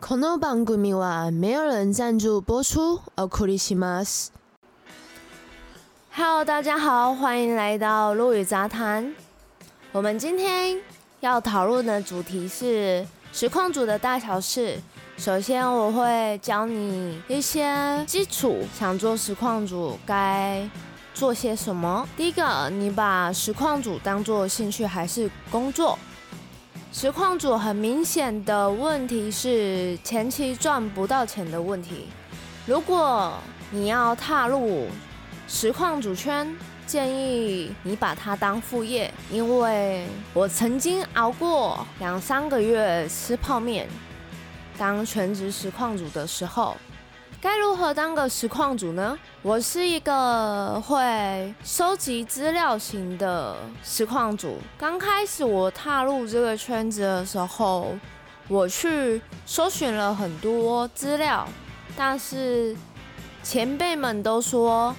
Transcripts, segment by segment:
この番組は、沒有人贊助播出。Hello，大家好，歡迎來到鹿語雜談。我們今天要討論的主題是實況主的大小事。首先，我會教你一些基礎，想做實況主該。做些什麼？第一個，你把實況主當做興趣還是工作？實況主很明顯的問題是前期賺不到錢的問題。如果你要踏入實況主圈，建議你把它當副業，因為我曾經熬過兩三個月吃泡麵當全職實況主的時候。該如何當個實況主呢？我是一個會收集資料型的實況主，剛開始我踏入這個圈子的時候，我去搜尋了很多資料，但是前輩們都說，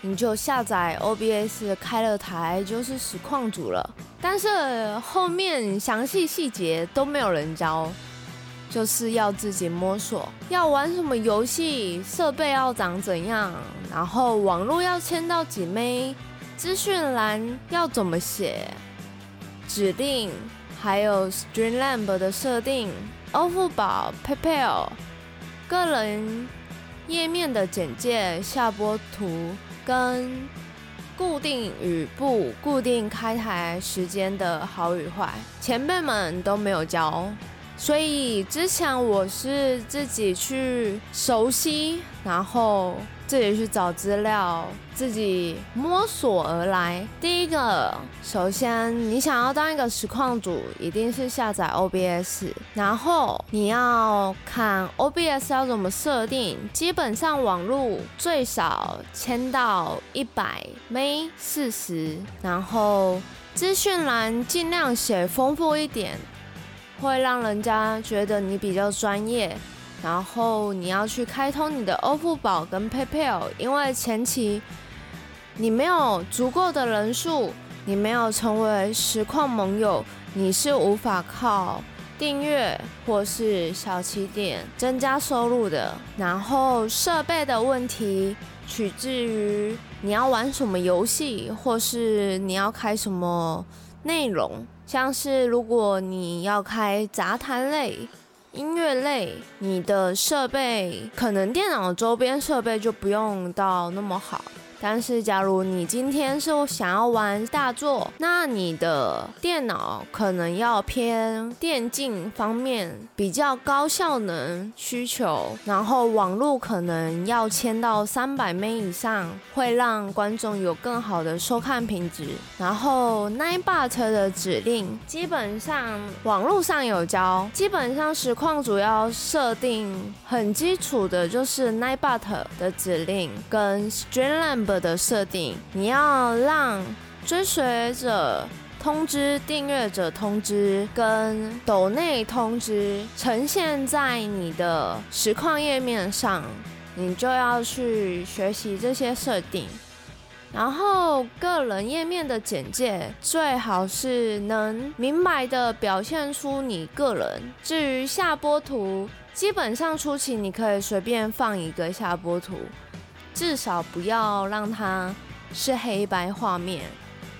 你就下載 OBS 開了台就是實況主了。但是後面詳細細節都沒有人教，就是要自己摸索，要玩什麼遊戲，設備要長怎樣。然後網絡要簽到幾枚，資訊欄要怎麼寫？指令還有 Streamlabs 的設定，歐付寶、PayPal，個人頁面的簡介、下播圖跟固定與不固定開台時間的好與壞，前輩們都沒有教。所以之前我是自己去熟悉，然後自己去找資料，自己摸索而來。第一個，首先你想要當一個實況主，一定是下載 OBS，然後你要看 OBS 要怎麼設定。基本上網絡最少千到一百，沒四十，然後資訊欄儘量寫豐富一點。會讓人家覺得你比較專業，然後你要去開通你的歐付寶跟 PayPal，因為前期你沒有足夠的人數，你沒有成為實況盟友，你是無法靠訂閱或是小奇點增加收入的。然後設備的問題取決於你要玩什麼遊戲，或是你要開什麼。內容像是，如果你要開雜談類、音樂類，你的設備可能電腦周邊設備就不用到那麼好。但是，假如你今天是想要玩大作，那你的電腦可能要偏電競方面比較高效能需求，然後網絡可能要簽到三百 M 以上，會讓觀眾有更好的收看品質。然後，Nightbot 的指令基本上網絡上有教，基本上實況主要設定很基礎的，就是 Nightbot 的指令跟 Streamlabs。的設定，你要讓追隨者通知，訂閱者通知跟抖內通知呈現在你的實況頁面上，你就要去學習這些設定。然後個人頁面的簡介最好是能明白的表現出你個人。至於下播圖，基本上初期你可以隨便放一個下播圖。至少不要讓它是黑白畫面。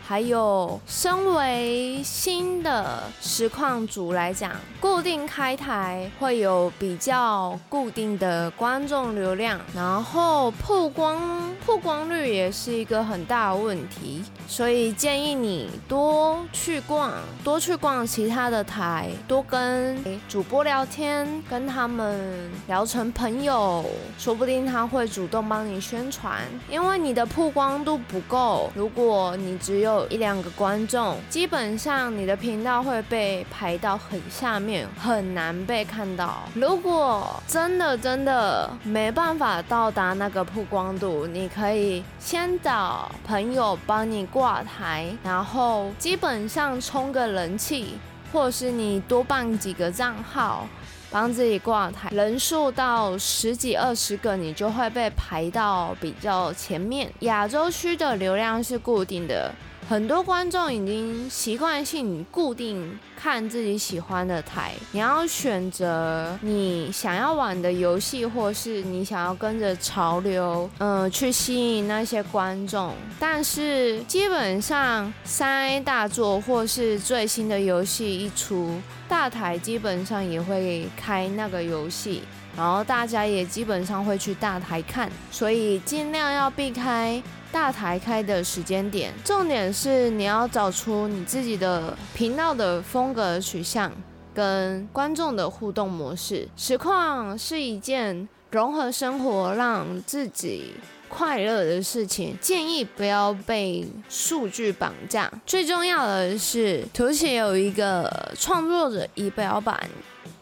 還有，身為新的實況主來講，固定開台會有比較固定的觀眾流量，然後曝光曝光率也是一個很大的問題，所以建議你多去逛，多去逛其他的台，多跟主播聊天，跟他們聊成朋友，說不定他會主動幫你宣傳，因為你的曝光度不夠，如果你只有有一兩個觀眾，基本上你的頻道會被排到很下面，很難被看到。如果真的真的沒辦法到達那個曝光度，你可以先找朋友幫你掛台，然後基本上充個人氣，或是你多辦幾個賬號，幫自己掛台，人數到十幾二十個，你就會被排到比較前面。亞洲區的流量是固定的。很多觀眾已經習慣性固定看自己喜歡的台，你要選擇你想要玩的遊戲，或是你想要跟着潮流，嗯，去吸引那些觀眾。但是基本上三 A 大作或是最新的遊戲一出，大台基本上也會開那個遊戲，然後大家也基本上會去大台看，所以盡量要避開大台開的時間點，重點是你要找出你自己的頻道的風格取向跟觀眾的互動模式。實況是一件融合生活讓自己快樂的事情，建議不要被數據綁架。最重要的是，Twitch 有一個創作者儀表板。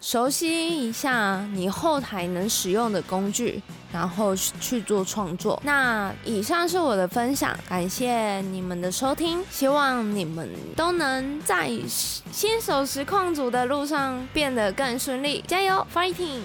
熟悉一下你後台能使用的工具，然後去做創作。那以上是我的分享，感謝你們的收聽，希望你們都能在新手實況主的路上變得更順利，加油，Fighting！